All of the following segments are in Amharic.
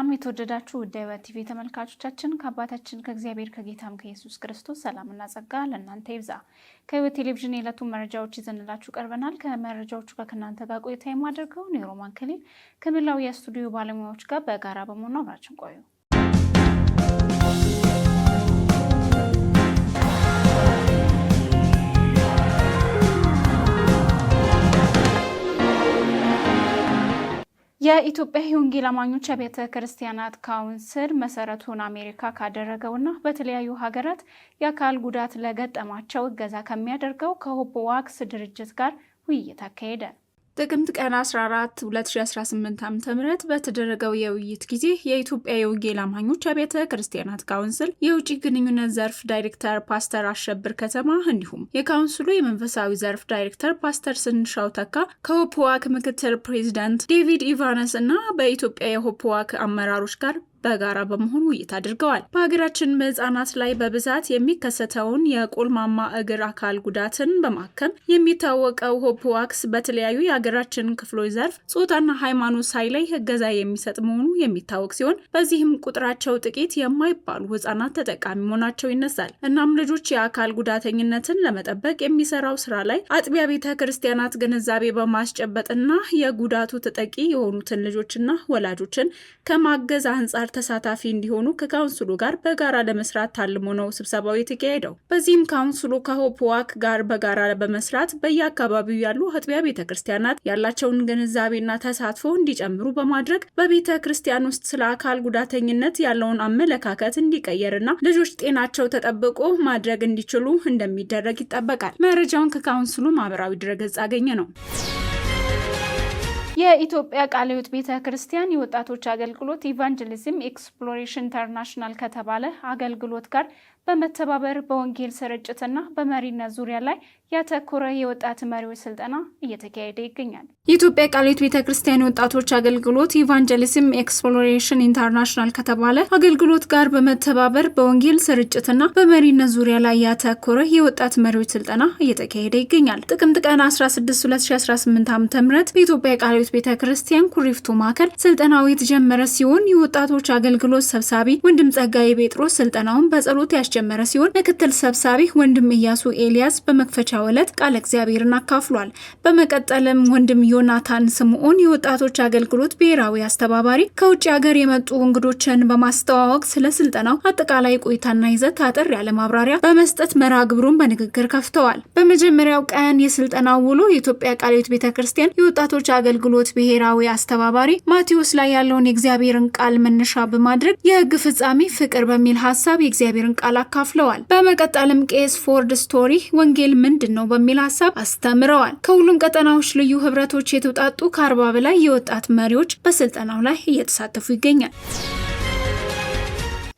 ሰላም የተወደዳችሁ ውዳይ ቲቪ ተመልካቾቻችን ከአባታችን ከእግዚአብሔር ከጌታም ከኢየሱስ ክርስቶስ ሰላምና ጸጋ ለእናንተ ይብዛ። ከህይወት ቴሌቪዥን የለቱ መረጃዎች ይዘንላችሁ ቀርበናል። ከመረጃዎቹ ጋር ከእናንተ ጋር ቆይታ የማደርገው ኔሮማን ክሊል ከመላው የስቱዲዮ ባለሙያዎች ጋር በጋራ በመሆኑ አብራችን ቆዩ። የኢትዮጵያ የወንጌል አማኞች አብያተ ክርስቲያናት ካውንስል መሰረቱን አሜሪካ ካደረገውና በተለያዩ ሀገራት የአካል ጉዳት ለገጠማቸው እገዛ ከሚያደርገው ከሆፕ ዋክስ ድርጅት ጋር ውይይት አካሄደ። ጥቅምት ቀን 14 2018 ዓ ም በተደረገው የውይይት ጊዜ የኢትዮጵያ የወንጌል አማኞች አብያተ ክርስቲያናት ካውንስል የውጭ ግንኙነት ዘርፍ ዳይሬክተር ፓስተር አሸብር ከተማ እንዲሁም የካውንስሉ የመንፈሳዊ ዘርፍ ዳይሬክተር ፓስተር ስንሻው ተካ ከሆፕዋክ ምክትል ፕሬዚዳንት ዴቪድ ኢቫነስ እና በኢትዮጵያ የሆፕዋክ አመራሮች ጋር በጋራ በመሆን ውይይት አድርገዋል። በሀገራችን በህጻናት ላይ በብዛት የሚከሰተውን የቆልማማ እግር አካል ጉዳትን በማከም የሚታወቀው ሆፕዋክስ በተለያዩ የሀገራችን ክፍሎች ዘርፍ ጾታና ሃይማኖት ሳይለይ እገዛ የሚሰጥ መሆኑ የሚታወቅ ሲሆን በዚህም ቁጥራቸው ጥቂት የማይባሉ ህጻናት ተጠቃሚ መሆናቸው ይነሳል። እናም ልጆች የአካል ጉዳተኝነትን ለመጠበቅ የሚሰራው ስራ ላይ አጥቢያ ቤተ ክርስቲያናት ግንዛቤ በማስጨበጥና የጉዳቱ ተጠቂ የሆኑትን ልጆችና ወላጆችን ከማገዝ አንጻር ተሳታፊ እንዲሆኑ ከካውንስሉ ጋር በጋራ ለመስራት ታልሞ ነው ስብሰባው የተካሄደው። በዚህም ካውንስሉ ከሆፕዋክ ጋር በጋራ በመስራት በየአካባቢው ያሉ አጥቢያ ቤተ ክርስቲያናት ያላቸውን ግንዛቤና ተሳትፎ እንዲጨምሩ በማድረግ በቤተ ክርስቲያን ውስጥ ስለ አካል ጉዳተኝነት ያለውን አመለካከት እንዲቀየርና ልጆች ጤናቸው ተጠብቆ ማድረግ እንዲችሉ እንደሚደረግ ይጠበቃል። መረጃውን ከካውንስሉ ማህበራዊ ድረገጽ አገኘ ነው። የኢትዮጵያ ቃለ ሕይወት ቤተ ክርስቲያን የወጣቶች አገልግሎት ኢቫንጀሊዝም ኤክስፕሎሬሽን ኢንተርናሽናል ከተባለ አገልግሎት ጋር በመተባበር በወንጌል ስርጭትና በመሪነት ዙሪያ ላይ ያተኮረ የወጣት መሪዎች ስልጠና እየተካሄደ ይገኛል። የኢትዮጵያ ቃሊት ቤተ ክርስቲያን የወጣቶች አገልግሎት ኢቫንጀሊዝም ኤክስፕሎሬሽን ኢንተርናሽናል ከተባለ አገልግሎት ጋር በመተባበር በወንጌል ስርጭትና በመሪነት ዙሪያ ላይ ያተኮረ የወጣት መሪዎች ስልጠና እየተካሄደ ይገኛል። ጥቅምት ቀን 16 2018 ዓ ም በኢትዮጵያ ቃሊት ቤተ ክርስቲያን ኩሪፍቱ ማዕከል ስልጠናው የተጀመረ ሲሆን የወጣቶች አገልግሎት ሰብሳቢ ወንድም ጸጋዬ ጴጥሮስ ስልጠናውን በጸሎት ያ ያስጀመረ ሲሆን ምክትል ሰብሳቢ ወንድም እያሱ ኤልያስ በመክፈቻ ዕለት ቃለ እግዚአብሔርን አካፍሏል። በመቀጠልም ወንድም ዮናታን ስምዖን የወጣቶች አገልግሎት ብሔራዊ አስተባባሪ ከውጭ ሀገር የመጡ እንግዶችን በማስተዋወቅ ስለ ስልጠናው አጠቃላይ ቆይታና ይዘት አጠር ያለ ማብራሪያ በመስጠት መርሃ ግብሩን በንግግር ከፍተዋል። በመጀመሪያው ቀን የስልጠናው ውሎ የኢትዮጵያ ቃለ ሕይወት ቤተ ክርስቲያን የወጣቶች አገልግሎት ብሔራዊ አስተባባሪ ማቴዎስ ላይ ያለውን የእግዚአብሔርን ቃል መነሻ በማድረግ የሕግ ፍጻሜ ፍቅር በሚል ሀሳብ የእግዚአብሔርን ቃል አካፍለዋል። በመቀጠልም ቄስ ፎርድ ስቶሪ ወንጌል ምንድን ነው በሚል ሀሳብ አስተምረዋል። ከሁሉም ቀጠናዎች ልዩ ህብረቶች የተውጣጡ ከአርባ በላይ የወጣት መሪዎች በስልጠናው ላይ እየተሳተፉ ይገኛል።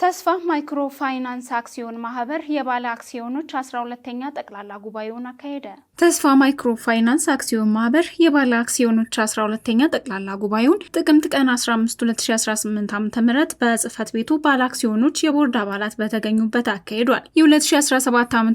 ተስፋ ማይክሮ ፋይናንስ አክሲዮን ማህበር የባለ አክሲዮኖች አስራ ሁለተኛ ጠቅላላ ጉባኤውን አካሄደ። ተስፋ ማይክሮ ፋይናንስ አክሲዮን ማህበር የባለ አክሲዮኖች 12ኛ ጠቅላላ ጉባኤውን ጥቅምት ቀን 15 2018 ዓ.ም በጽህፈት ቤቱ ባለ አክሲዮኖች የቦርድ አባላት በተገኙበት አካሂዷል። የ2017 ዓ.ም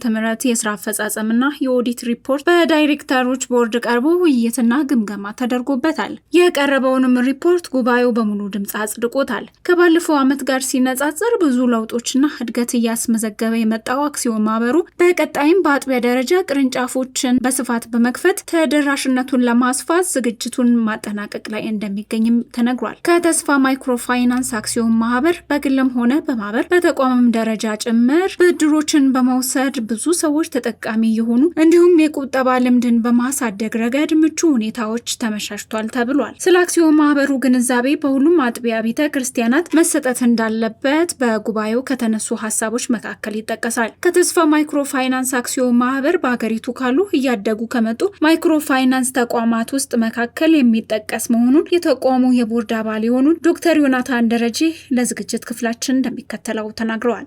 የስራ አፈጻጸምና የኦዲት ሪፖርት በዳይሬክተሮች ቦርድ ቀርቦ ውይይትና ግምገማ ተደርጎበታል። የቀረበውንም ሪፖርት ጉባኤው በሙሉ ድምፅ አጽድቆታል። ከባለፈው ዓመት ጋር ሲነጻጸር ብዙ ለውጦችና እድገት እያስመዘገበ የመጣው አክሲዮን ማህበሩ በቀጣይም በአጥቢያ ደረጃ ቅርንጫፎችን ሱቆችን በስፋት በመክፈት ተደራሽነቱን ለማስፋት ዝግጅቱን ማጠናቀቅ ላይ እንደሚገኝም ተነግሯል። ከተስፋ ማይክሮ ፋይናንስ አክሲዮን ማህበር በግልም ሆነ በማህበር በተቋምም ደረጃ ጭምር ብድሮችን በመውሰድ ብዙ ሰዎች ተጠቃሚ የሆኑ እንዲሁም የቁጠባ ልምድን በማሳደግ ረገድ ምቹ ሁኔታዎች ተመሻሽቷል ተብሏል። ስለ አክሲዮን ማህበሩ ግንዛቤ በሁሉም አጥቢያ ቤተ ክርስቲያናት መሰጠት እንዳለበት በጉባኤው ከተነሱ ሀሳቦች መካከል ይጠቀሳል። ከተስፋ ማይክሮ ፋይናንስ አክሲዮን ማህበር በሀገሪቱ ካሉ እያደጉ ከመጡ ማይክሮ ፋይናንስ ተቋማት ውስጥ መካከል የሚጠቀስ መሆኑን የተቋሙ የቦርድ አባል የሆኑ ዶክተር ዮናታን ደረጀ ለዝግጅት ክፍላችን እንደሚከተለው ተናግረዋል።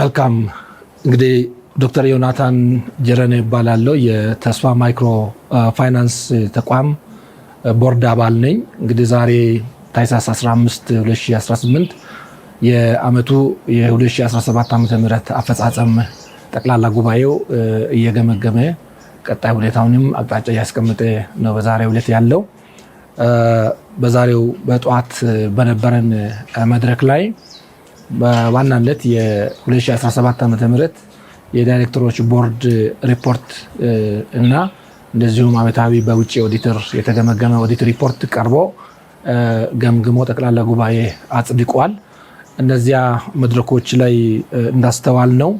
መልካም እንግዲህ ዶክተር ዮናታን ጀረነ ይባላለው የተስፋ ማይክሮ ፋይናንስ ተቋም ቦርድ አባል ነኝ። እንግዲህ ዛሬ ታኅሳስ 15 2018 የአመቱ የ2017 ዓ ም አፈጻጸም ጠቅላላ ጉባኤው እየገመገመ ቀጣይ ሁኔታውንም አቅጣጫ እያስቀመጠ ነው በዛሬው ዕለት ያለው። በዛሬው በጠዋት በነበረን መድረክ ላይ በዋናነት የ2017 ዓ ም የዳይሬክተሮች ቦርድ ሪፖርት እና እንደዚሁም ዓመታዊ በውጭ ኦዲተር የተገመገመ ኦዲት ሪፖርት ቀርቦ ገምግሞ ጠቅላላ ጉባኤ አጽድቋል። እነዚያ መድረኮች ላይ እንዳስተዋል ነው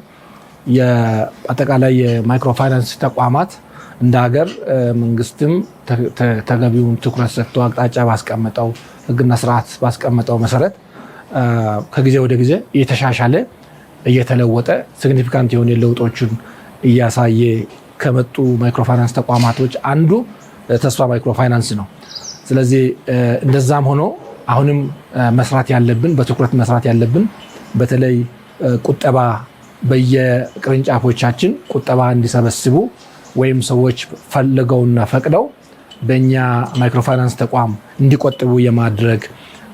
አጠቃላይ የማይክሮ ፋይናንስ ተቋማት እንደ ሀገር መንግስትም ተገቢውን ትኩረት ሰጥቶ አቅጣጫ ባስቀመጠው ህግና ስርዓት ባስቀመጠው መሰረት ከጊዜ ወደ ጊዜ እየተሻሻለ እየተለወጠ ሲግኒፊካንት የሆነ ለውጦችን እያሳየ ከመጡ ማይክሮፋይናንስ ተቋማቶች አንዱ ተስፋ ማይክሮ ፋይናንስ ነው። ስለዚህ እንደዛም ሆኖ አሁንም መስራት ያለብን በትኩረት መስራት ያለብን በተለይ ቁጠባ በየቅርንጫፎቻችን ቁጠባ እንዲሰበስቡ ወይም ሰዎች ፈልገውና ፈቅደው በእኛ ማይክሮፋይናንስ ተቋም እንዲቆጥቡ የማድረግ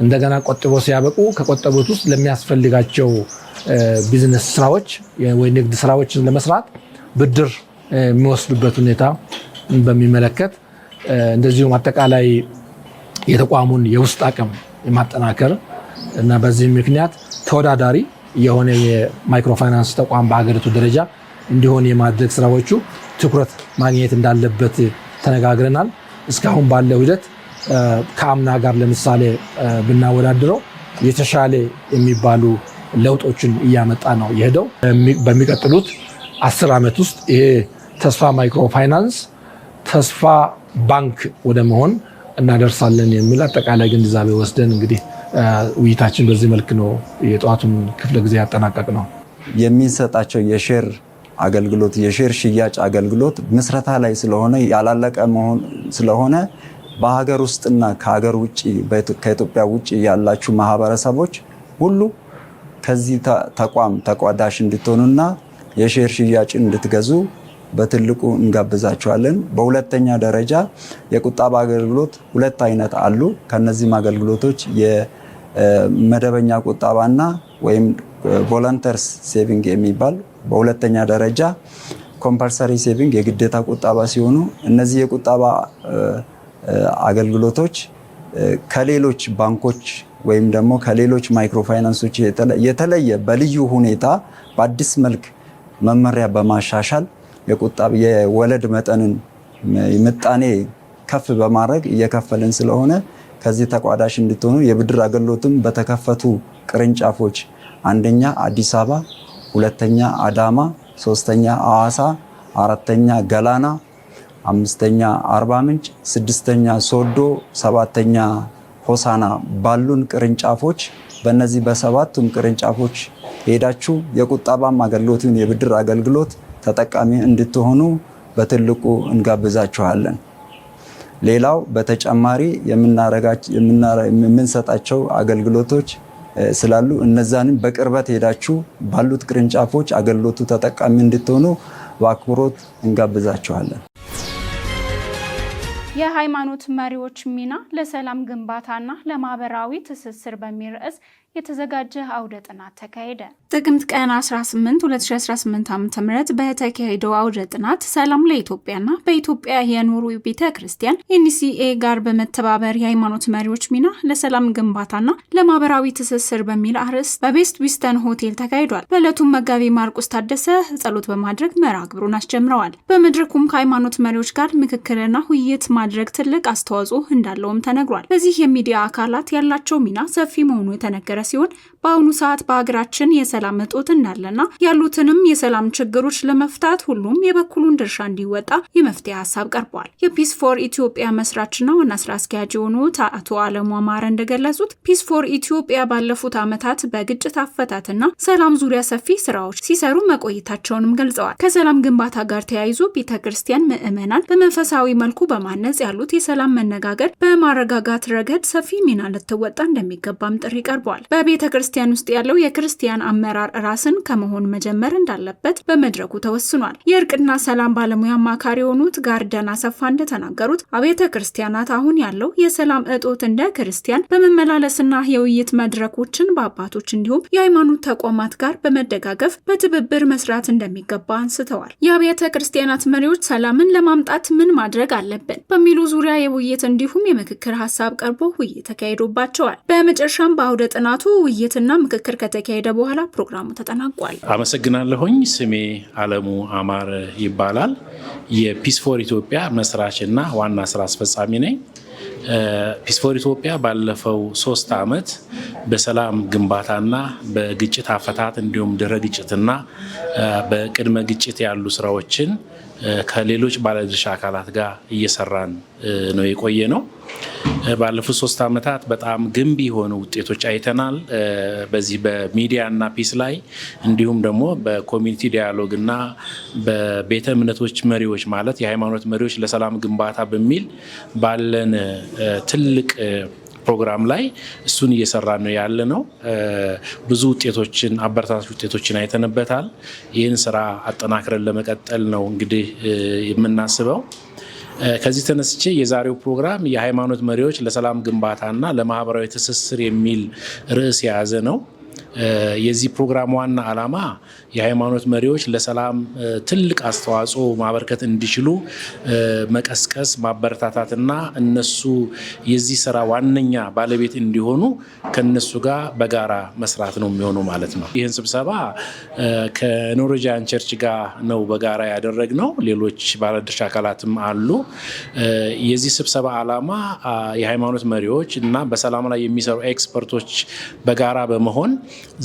እንደገና ቆጥቦ ሲያበቁ ከቆጠቡት ውስጥ ለሚያስፈልጋቸው ቢዝነስ ስራዎች ወይ ንግድ ስራዎችን ለመስራት ብድር የሚወስዱበት ሁኔታ በሚመለከት እንደዚሁም አጠቃላይ የተቋሙን የውስጥ አቅም የማጠናከር እና በዚህም ምክንያት ተወዳዳሪ የሆነ የማይክሮፋይናንስ ተቋም በሀገሪቱ ደረጃ እንዲሆን የማድረግ ስራዎቹ ትኩረት ማግኘት እንዳለበት ተነጋግረናል። እስካሁን ባለው ሂደት ከአምና ጋር ለምሳሌ ብናወዳድረው የተሻለ የሚባሉ ለውጦችን እያመጣ ነው የሄደው። በሚቀጥሉት አስር ዓመት ውስጥ ይሄ ተስፋ ማይክሮፋይናንስ ተስፋ ባንክ ወደ መሆን እናደርሳለን የሚል አጠቃላይ ግንዛቤ ወስደን እንግዲህ ውይይታችን በዚህ መልክ ነው የጠዋቱን ክፍለ ጊዜ ያጠናቀቅ ነው። የሚሰጣቸው የሼር አገልግሎት የሼር ሽያጭ አገልግሎት ምስረታ ላይ ስለሆነ ያላለቀ መሆን ስለሆነ በሀገር ውስጥና ከሀገር ውጭ ከኢትዮጵያ ውጭ ያላችሁ ማህበረሰቦች ሁሉ ከዚህ ተቋም ተቋዳሽ እንድትሆኑና የሼር ሽያጭ እንድትገዙ በትልቁ እንጋብዛችኋለን። በሁለተኛ ደረጃ የቁጠባ አገልግሎት ሁለት አይነት አሉ። ከነዚህም አገልግሎቶች መደበኛ ቁጠባና ወይም ቮለንተርስ ሴቪንግ የሚባል በሁለተኛ ደረጃ ኮምፐልሰሪ ሴቪንግ የግዴታ ቁጠባ ሲሆኑ እነዚህ የቁጠባ አገልግሎቶች ከሌሎች ባንኮች ወይም ደግሞ ከሌሎች ማይክሮ ፋይናንሶች የተለየ በልዩ ሁኔታ በአዲስ መልክ መመሪያ በማሻሻል የወለድ መጠንን ምጣኔ ከፍ በማድረግ እየከፈልን ስለሆነ ከዚህ ተቋዳሽ እንድትሆኑ የብድር አገልግሎትም በተከፈቱ ቅርንጫፎች አንደኛ አዲስ አበባ፣ ሁለተኛ አዳማ፣ ሶስተኛ አዋሳ፣ አራተኛ ገላና፣ አምስተኛ አርባ ምንጭ፣ ስድስተኛ ሶዶ፣ ሰባተኛ ሆሳና ባሉን ቅርንጫፎች በእነዚህ በሰባቱም ቅርንጫፎች ሄዳችሁ የቁጠባም አገልግሎትን የብድር አገልግሎት ተጠቃሚ እንድትሆኑ በትልቁ እንጋብዛችኋለን። ሌላው በተጨማሪ የምንሰጣቸው አገልግሎቶች ስላሉ እነዛንም በቅርበት ሄዳችሁ ባሉት ቅርንጫፎች አገልግሎቱ ተጠቃሚ እንድትሆኑ በአክብሮት እንጋብዛችኋለን። የሃይማኖት መሪዎች ሚና ለሰላም ግንባታና ለማህበራዊ ትስስር በሚል ርዕስ የተዘጋጀ አውደ ጥናት ተካሄደ። ጥቅምት ቀን 18 2018 ዓ ም በተካሄደው አውደ ጥናት ሰላም ለኢትዮጵያና በኢትዮጵያ የኑሩ ቤተ ክርስቲያን ኤንሲኤ ጋር በመተባበር የሃይማኖት መሪዎች ሚና ለሰላም ግንባታና ለማህበራዊ ትስስር በሚል አርዕስት በቤስት ዊስተን ሆቴል ተካሂዷል። በዕለቱም መጋቢ ማርቆስ ታደሰ ጸሎት በማድረግ መርሃ ግብሩን አስጀምረዋል። በመድረኩም ከሃይማኖት መሪዎች ጋር ምክክርና ውይይት ማድረግ ትልቅ አስተዋጽኦ እንዳለውም ተነግሯል። በዚህ የሚዲያ አካላት ያላቸው ሚና ሰፊ መሆኑ የተነገረ ሲሆን በአሁኑ ሰዓት በሀገራችን የሰላም እጦት እንዳለና ያሉትንም የሰላም ችግሮች ለመፍታት ሁሉም የበኩሉን ድርሻ እንዲወጣ የመፍትሄ ሀሳብ ቀርቧል። የፒስ ፎር ኢትዮጵያ መስራችና ዋና ስራ አስኪያጅ የሆኑት አቶ አለሙ አማረ እንደገለጹት ፒስ ፎር ኢትዮጵያ ባለፉት ዓመታት በግጭት አፈታትና ሰላም ዙሪያ ሰፊ ስራዎች ሲሰሩ መቆየታቸውንም ገልጸዋል። ከሰላም ግንባታ ጋር ተያይዞ ቤተ ክርስቲያን ምዕመናን በመንፈሳዊ መልኩ በማነጽ ያሉት የሰላም መነጋገር በማረጋጋት ረገድ ሰፊ ሚና ልትወጣ እንደሚገባም ጥሪ ቀርቧል። በቤተ ክርስቲያን ውስጥ ያለው የክርስቲያን አመራር ራስን ከመሆን መጀመር እንዳለበት በመድረኩ ተወስኗል። የእርቅና ሰላም ባለሙያ አማካሪ የሆኑት ጋርደን አሰፋ እንደተናገሩት አብያተ ክርስቲያናት አሁን ያለው የሰላም እጦት እንደ ክርስቲያን በመመላለስና የውይይት መድረኮችን በአባቶች እንዲሁም የሃይማኖት ተቋማት ጋር በመደጋገፍ በትብብር መስራት እንደሚገባ አንስተዋል። የአብያተ ክርስቲያናት መሪዎች ሰላምን ለማምጣት ምን ማድረግ አለብን በሚሉ ዙሪያ የውይይት እንዲሁም የምክክር ሀሳብ ቀርቦ ውይይት ተካሂዶባቸዋል። በመጨረሻም በአውደ ጥናቱ በጥናቱ ውይይትና ምክክር ከተካሄደ በኋላ ፕሮግራሙ ተጠናቋል። አመሰግናለሁኝ። ስሜ አለሙ አማረ ይባላል። የፒስ ፎር ኢትዮጵያ መስራችና ዋና ስራ አስፈጻሚ ነኝ። ፒስ ፎር ኢትዮጵያ ባለፈው ሶስት ዓመት በሰላም ግንባታና በግጭት አፈታት እንዲሁም ድህረ ግጭትና በቅድመ ግጭት ያሉ ስራዎችን ከሌሎች ባለድርሻ አካላት ጋር እየሰራን ነው የቆየ ነው። ባለፉት ሶስት አመታት በጣም ግንቢ የሆኑ ውጤቶች አይተናል። በዚህ በሚዲያ እና ፒስ ላይ እንዲሁም ደግሞ በኮሚኒቲ ዲያሎግ እና በቤተ እምነቶች መሪዎች ማለት የሃይማኖት መሪዎች ለሰላም ግንባታ በሚል ባለን ትልቅ ፕሮግራም ላይ እሱን እየሰራ ነው ያለ ነው። ብዙ ውጤቶችን አበረታች ውጤቶችን አይተንበታል። ይህን ስራ አጠናክረን ለመቀጠል ነው እንግዲህ የምናስበው። ከዚህ ተነስቼ የዛሬው ፕሮግራም የሃይማኖት መሪዎች ለሰላም ግንባታና ለማህበራዊ ትስስር የሚል ርዕስ የያዘ ነው። የዚህ ፕሮግራም ዋና ዓላማ የሃይማኖት መሪዎች ለሰላም ትልቅ አስተዋጽኦ ማበርከት እንዲችሉ መቀስቀስ፣ ማበረታታትና እነሱ የዚህ ስራ ዋነኛ ባለቤት እንዲሆኑ ከነሱ ጋር በጋራ መስራት ነው የሚሆኑ ማለት ነው። ይህን ስብሰባ ከኖርዌጂያን ቸርች ጋር ነው በጋራ ያደረግነው። ሌሎች ባለድርሻ አካላትም አሉ። የዚህ ስብሰባ ዓላማ የሃይማኖት መሪዎች እና በሰላም ላይ የሚሰሩ ኤክስፐርቶች በጋራ በመሆን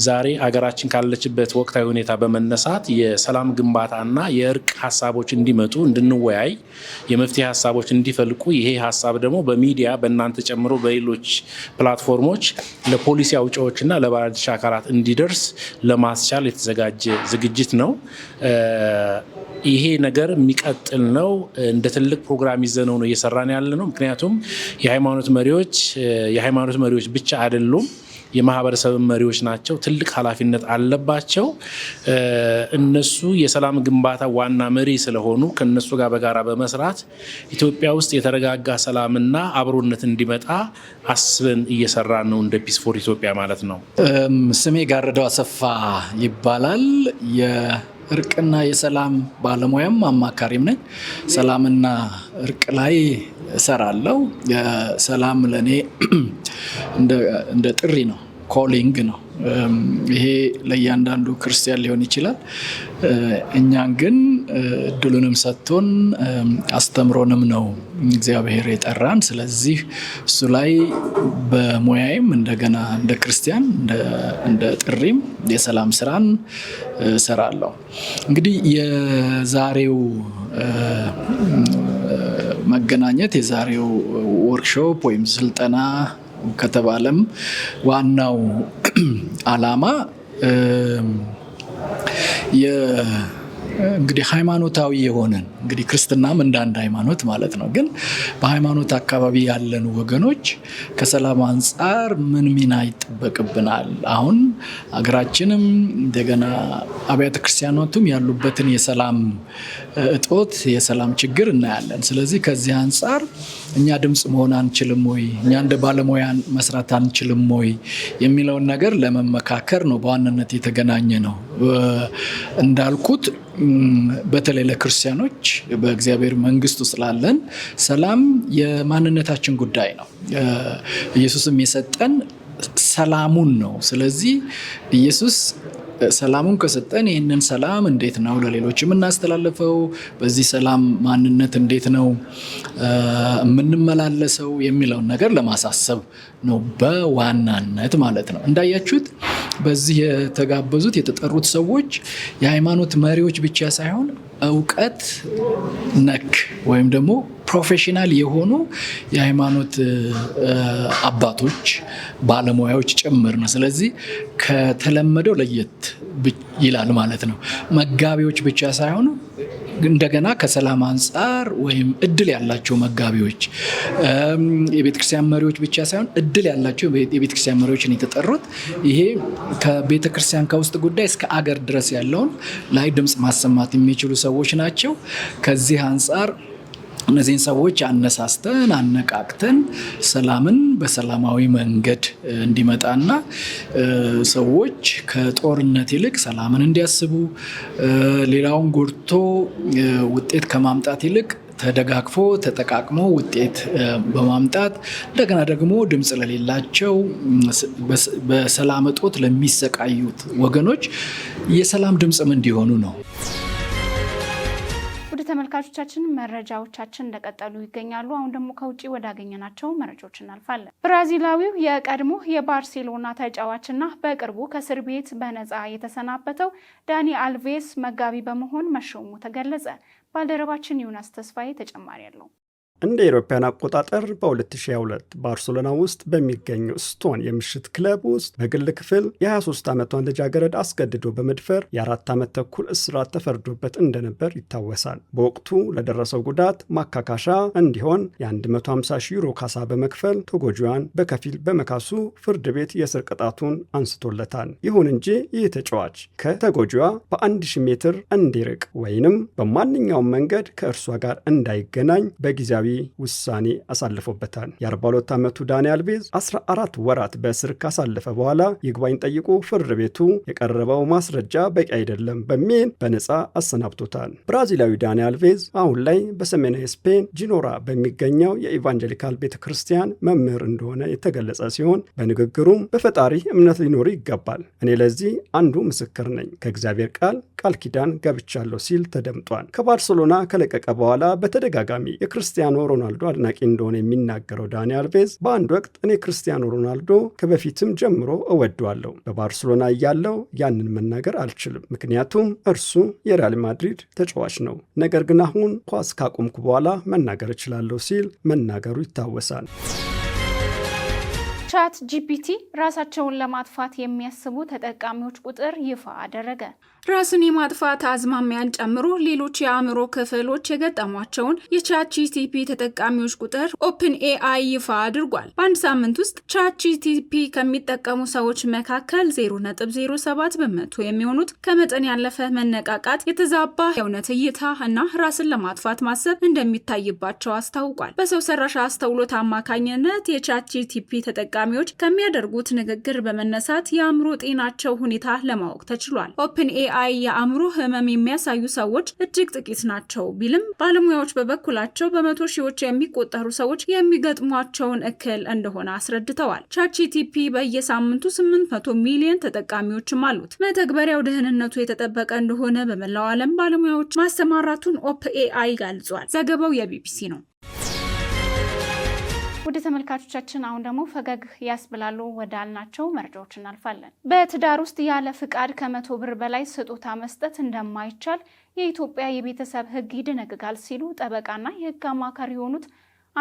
ዛሬ አገራችን ካለችበት ወቅታዊ ሁኔታ በመነሳት የሰላም ግንባታና የእርቅ ሀሳቦች እንዲመጡ እንድንወያይ፣ የመፍትሄ ሀሳቦች እንዲፈልቁ ይሄ ሀሳብ ደግሞ በሚዲያ በእናንተ ጨምሮ በሌሎች ፕላትፎርሞች ለፖሊሲ አውጪዎችና ለባለድርሻ አካላት እንዲደርስ ለማስቻል የተዘጋጀ ዝግጅት ነው። ይሄ ነገር የሚቀጥል ነው። እንደ ትልቅ ፕሮግራም ይዘነው ነው እየሰራን ያለ ነው። ምክንያቱም የሃይማኖት መሪዎች የሃይማኖት መሪዎች ብቻ አይደሉም። የማህበረሰብ መሪዎች ናቸው። ትልቅ ኃላፊነት አለባቸው። እነሱ የሰላም ግንባታ ዋና መሪ ስለሆኑ ከነሱ ጋር በጋራ በመስራት ኢትዮጵያ ውስጥ የተረጋጋ ሰላምና አብሮነት እንዲመጣ አስበን እየሰራ ነው እንደ ፒስ ፎር ኢትዮጵያ ማለት ነው። ስሜ ጋረደው አሰፋ ይባላል። የእርቅና የሰላም ባለሙያም አማካሪም ነኝ። ሰላምና እርቅ ላይ እሰራለሁ። ሰላም ለእኔ እንደ ጥሪ ነው፣ ኮሊንግ ነው። ይሄ ለእያንዳንዱ ክርስቲያን ሊሆን ይችላል። እኛን ግን እድሉንም ሰጥቶን አስተምሮንም ነው እግዚአብሔር የጠራን። ስለዚህ እሱ ላይ በሙያዬም እንደገና እንደ ክርስቲያን እንደ ጥሪም የሰላም ስራን እሰራለሁ። እንግዲህ የዛሬው መገናኘት የዛሬው ወርክሾፕ ወይም ስልጠና ከተባለም ዋናው ዓላማ እንግዲህ ሃይማኖታዊ የሆነን እንግዲህ ክርስትናም እንደ አንድ ሃይማኖት ማለት ነው። ግን በሃይማኖት አካባቢ ያለን ወገኖች ከሰላም አንጻር ምን ሚና ይጠበቅብናል? አሁን ሀገራችንም እንደገና አብያተ ክርስቲያናቱም ያሉበትን የሰላም እጦት፣ የሰላም ችግር እናያለን። ስለዚህ ከዚህ አንጻር እኛ ድምፅ መሆን አንችልም ወይ? እኛ እንደ ባለሙያ መስራት አንችልም ወይ? የሚለውን ነገር ለመመካከር ነው በዋናነት የተገናኘ ነው። እንዳልኩት በተለይ ለክርስቲያኖች በእግዚአብሔር መንግስት ውስጥ ላለን ሰላም የማንነታችን ጉዳይ ነው። ኢየሱስም የሰጠን ሰላሙን ነው። ስለዚህ ኢየሱስ ሰላሙን ከሰጠን ይህንን ሰላም እንዴት ነው ለሌሎች የምናስተላልፈው? በዚህ ሰላም ማንነት እንዴት ነው የምንመላለሰው የሚለውን ነገር ለማሳሰብ ነው በዋናነት ማለት ነው። እንዳያችሁት በዚህ የተጋበዙት የተጠሩት ሰዎች የሃይማኖት መሪዎች ብቻ ሳይሆን እውቀት ነክ ወይም ደግሞ ፕሮፌሽናል የሆኑ የሃይማኖት አባቶች ባለሙያዎች ጭምር ነው። ስለዚህ ከተለመደው ለየት ይላል ማለት ነው። መጋቢዎች ብቻ ሳይሆኑ እንደገና ከሰላም አንጻር ወይም እድል ያላቸው መጋቢዎች የቤተክርስቲያን መሪዎች ብቻ ሳይሆን እድል ያላቸው የቤተክርስቲያን መሪዎችን የተጠሩት ይሄ ከቤተክርስቲያን ከውስጥ ጉዳይ እስከ አገር ድረስ ያለውን ላይ ድምፅ ማሰማት የሚችሉ ሰዎች ናቸው። ከዚህ አንጻር እነዚህን ሰዎች አነሳስተን አነቃቅተን ሰላምን በሰላማዊ መንገድ እንዲመጣና ሰዎች ከጦርነት ይልቅ ሰላምን እንዲያስቡ ሌላውን ጎድቶ ውጤት ከማምጣት ይልቅ ተደጋግፎ ተጠቃቅሞ ውጤት በማምጣት እንደገና ደግሞ ድምፅ ለሌላቸው በሰላም እጦት ለሚሰቃዩት ወገኖች የሰላም ድምፅም እንዲሆኑ ነው። ተመልካቾቻችን መረጃዎቻችን እንደቀጠሉ ይገኛሉ። አሁን ደግሞ ከውጭ ወዳገኘናቸው መረጃዎች እናልፋለን። ብራዚላዊው የቀድሞ የባርሴሎና ተጫዋችና በቅርቡ ከእስር ቤት በነፃ የተሰናበተው ዳኒ አልቬስ መጋቢ በመሆን መሾሙ ተገለጸ። ባልደረባችን ዮናስ ተስፋዬ ተጨማሪ አለው። እንደ ኢሮፓያን አቆጣጠር በ2022 ባርሴሎና ውስጥ በሚገኘው ስቶን የምሽት ክለብ ውስጥ በግል ክፍል የ23 ዓመቷን ልጃገረድ አስገድዶ በመድፈር የአራት ዓመት ተኩል እስራት ተፈርዶበት እንደነበር ይታወሳል። በወቅቱ ለደረሰው ጉዳት ማካካሻ እንዲሆን የ150 ዩሮ ካሳ በመክፈል ተጎጂዋን በከፊል በመካሱ ፍርድ ቤት የስር ቅጣቱን አንስቶለታል። ይሁን እንጂ ይህ ተጫዋች ከተጎጂዋ በ1000 ሜትር እንዲርቅ ወይንም በማንኛውም መንገድ ከእርሷ ጋር እንዳይገናኝ በጊዜያዊ ውሳኔ አሳልፎበታል። የ42 ዓመቱ ዳኒ አልቬዝ 14 ወራት በእስር ካሳለፈ በኋላ ይግባኝ ጠይቆ ፍርድ ቤቱ የቀረበው ማስረጃ በቂ አይደለም በሚል በነፃ አሰናብቶታል። ብራዚላዊ ዳኒ አልቬዝ አሁን ላይ በሰሜናዊ ስፔን ጂኖራ በሚገኘው የኢቫንጀሊካል ቤተ ክርስቲያን መምህር እንደሆነ የተገለጸ ሲሆን በንግግሩም በፈጣሪ እምነት ሊኖር ይገባል፣ እኔ ለዚህ አንዱ ምስክር ነኝ፣ ከእግዚአብሔር ቃል ቃል ኪዳን ገብቻለሁ ሲል ተደምጧል። ከባርሴሎና ከለቀቀ በኋላ በተደጋጋሚ የክርስቲያኑ ክርስቲያኖ ሮናልዶ አድናቂ እንደሆነ የሚናገረው ዳኒ አልቬዝ በአንድ ወቅት እኔ ክርስቲያኖ ሮናልዶ ከበፊትም ጀምሮ እወደዋለሁ፣ በባርሰሎና እያለው ያንን መናገር አልችልም፣ ምክንያቱም እርሱ የሪያል ማድሪድ ተጫዋች ነው። ነገር ግን አሁን ኳስ ካቆምኩ በኋላ መናገር እችላለሁ ሲል መናገሩ ይታወሳል። ቻት ጂፒቲ ራሳቸውን ለማጥፋት የሚያስቡ ተጠቃሚዎች ቁጥር ይፋ አደረገ። ራስን የማጥፋት አዝማሚያን ጨምሮ ሌሎች የአእምሮ ክፍሎች የገጠሟቸውን የቻችቲፒ ተጠቃሚዎች ቁጥር ኦፕን ኤአይ ይፋ አድርጓል። በአንድ ሳምንት ውስጥ ቻችቲፒ ከሚጠቀሙ ሰዎች መካከል 0.07 በመቶ የሚሆኑት ከመጠን ያለፈ መነቃቃት፣ የተዛባ የእውነት እይታ እና ራስን ለማጥፋት ማሰብ እንደሚታይባቸው አስታውቋል። በሰው ሰራሽ አስተውሎት አማካኝነት የቻችቲፒ ተጠቃሚዎች ከሚያደርጉት ንግግር በመነሳት የአእምሮ ጤናቸው ሁኔታ ለማወቅ ተችሏል። ኦፕን ኤአይ የአእምሮ ህመም የሚያሳዩ ሰዎች እጅግ ጥቂት ናቸው ቢልም ባለሙያዎች በበኩላቸው በመቶ ሺዎች የሚቆጠሩ ሰዎች የሚገጥሟቸውን እክል እንደሆነ አስረድተዋል። ቻችቲፒ በየሳምንቱ 800 ሚሊዮን ተጠቃሚዎችም አሉት። መተግበሪያው ደህንነቱ የተጠበቀ እንደሆነ በመላው ዓለም ባለሙያዎች ማሰማራቱን ኦፕ ኤአይ ገልጿል። ዘገባው የቢቢሲ ነው። ውድ ተመልካቾቻችን አሁን ደግሞ ፈገግ ያስብላሉ ወዳልናቸው መረጃዎች እናልፋለን። በትዳር ውስጥ ያለ ፍቃድ ከመቶ ብር በላይ ስጦታ መስጠት እንደማይቻል የኢትዮጵያ የቤተሰብ ሕግ ይደነግጋል ሲሉ ጠበቃና የሕግ አማካሪ የሆኑት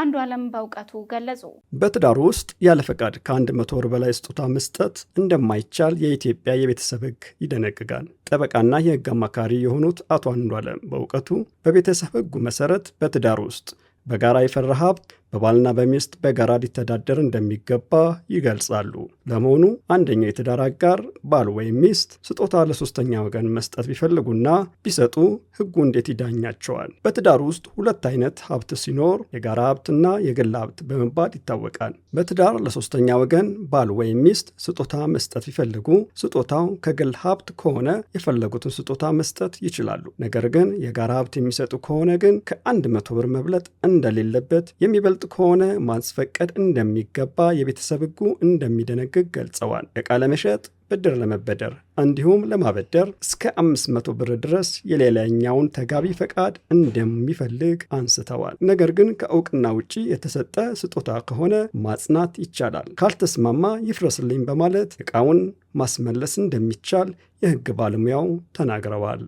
አንዱ አለም በእውቀቱ ገለጹ። በትዳር ውስጥ ያለ ፈቃድ ከአንድ መቶ ብር በላይ ስጦታ መስጠት እንደማይቻል የኢትዮጵያ የቤተሰብ ሕግ ይደነግጋል። ጠበቃና የሕግ አማካሪ የሆኑት አቶ አንዱ አለም በእውቀቱ በቤተሰብ ሕጉ መሰረት በትዳር ውስጥ በጋራ የፈራ ሀብት በባልና በሚስት በጋራ ሊተዳደር እንደሚገባ ይገልጻሉ። ለመሆኑ አንደኛው የትዳር አጋር ባል ወይም ሚስት ስጦታ ለሶስተኛ ወገን መስጠት ቢፈልጉና ቢሰጡ ሕጉ እንዴት ይዳኛቸዋል? በትዳር ውስጥ ሁለት አይነት ሀብት ሲኖር የጋራ ሀብትና የግል ሀብት በመባል ይታወቃል። በትዳር ለሶስተኛ ወገን ባል ወይም ሚስት ስጦታ መስጠት ቢፈልጉ ስጦታው ከግል ሀብት ከሆነ የፈለጉትን ስጦታ መስጠት ይችላሉ። ነገር ግን የጋራ ሀብት የሚሰጡ ከሆነ ግን ከአንድ መቶ ብር መብለጥ እንደሌለበት የሚበልጥ ግልጥ ከሆነ ማስፈቀድ እንደሚገባ የቤተሰብ ሕጉ እንደሚደነግግ ገልጸዋል። ዕቃ ለመሸጥ፣ ብድር ለመበደር እንዲሁም ለማበደር እስከ 500 ብር ድረስ የሌላኛውን ተጋቢ ፈቃድ እንደሚፈልግ አንስተዋል። ነገር ግን ከእውቅና ውጪ የተሰጠ ስጦታ ከሆነ ማጽናት ይቻላል። ካልተስማማ ይፍረስልኝ በማለት እቃውን ማስመለስ እንደሚቻል የህግ ባለሙያው ተናግረዋል።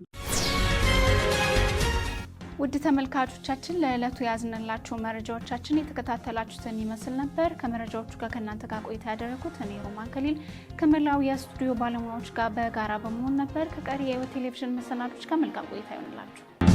ውድ ተመልካቾቻችን ለዕለቱ ያዝንላችሁ መረጃዎቻችን የተከታተላችሁትን ይመስል ነበር። ከመረጃዎቹ ጋር ከእናንተ ጋር ቆይታ ያደረጉት እኔ ሮማን ከሊል ከመላው የስቱዲዮ ባለሙያዎች ጋር በጋራ በመሆን ነበር። ከቀሪ የቴሌቪዥን መሰናዶች ጋር መልካም ቆይታ ይሆንላችሁ።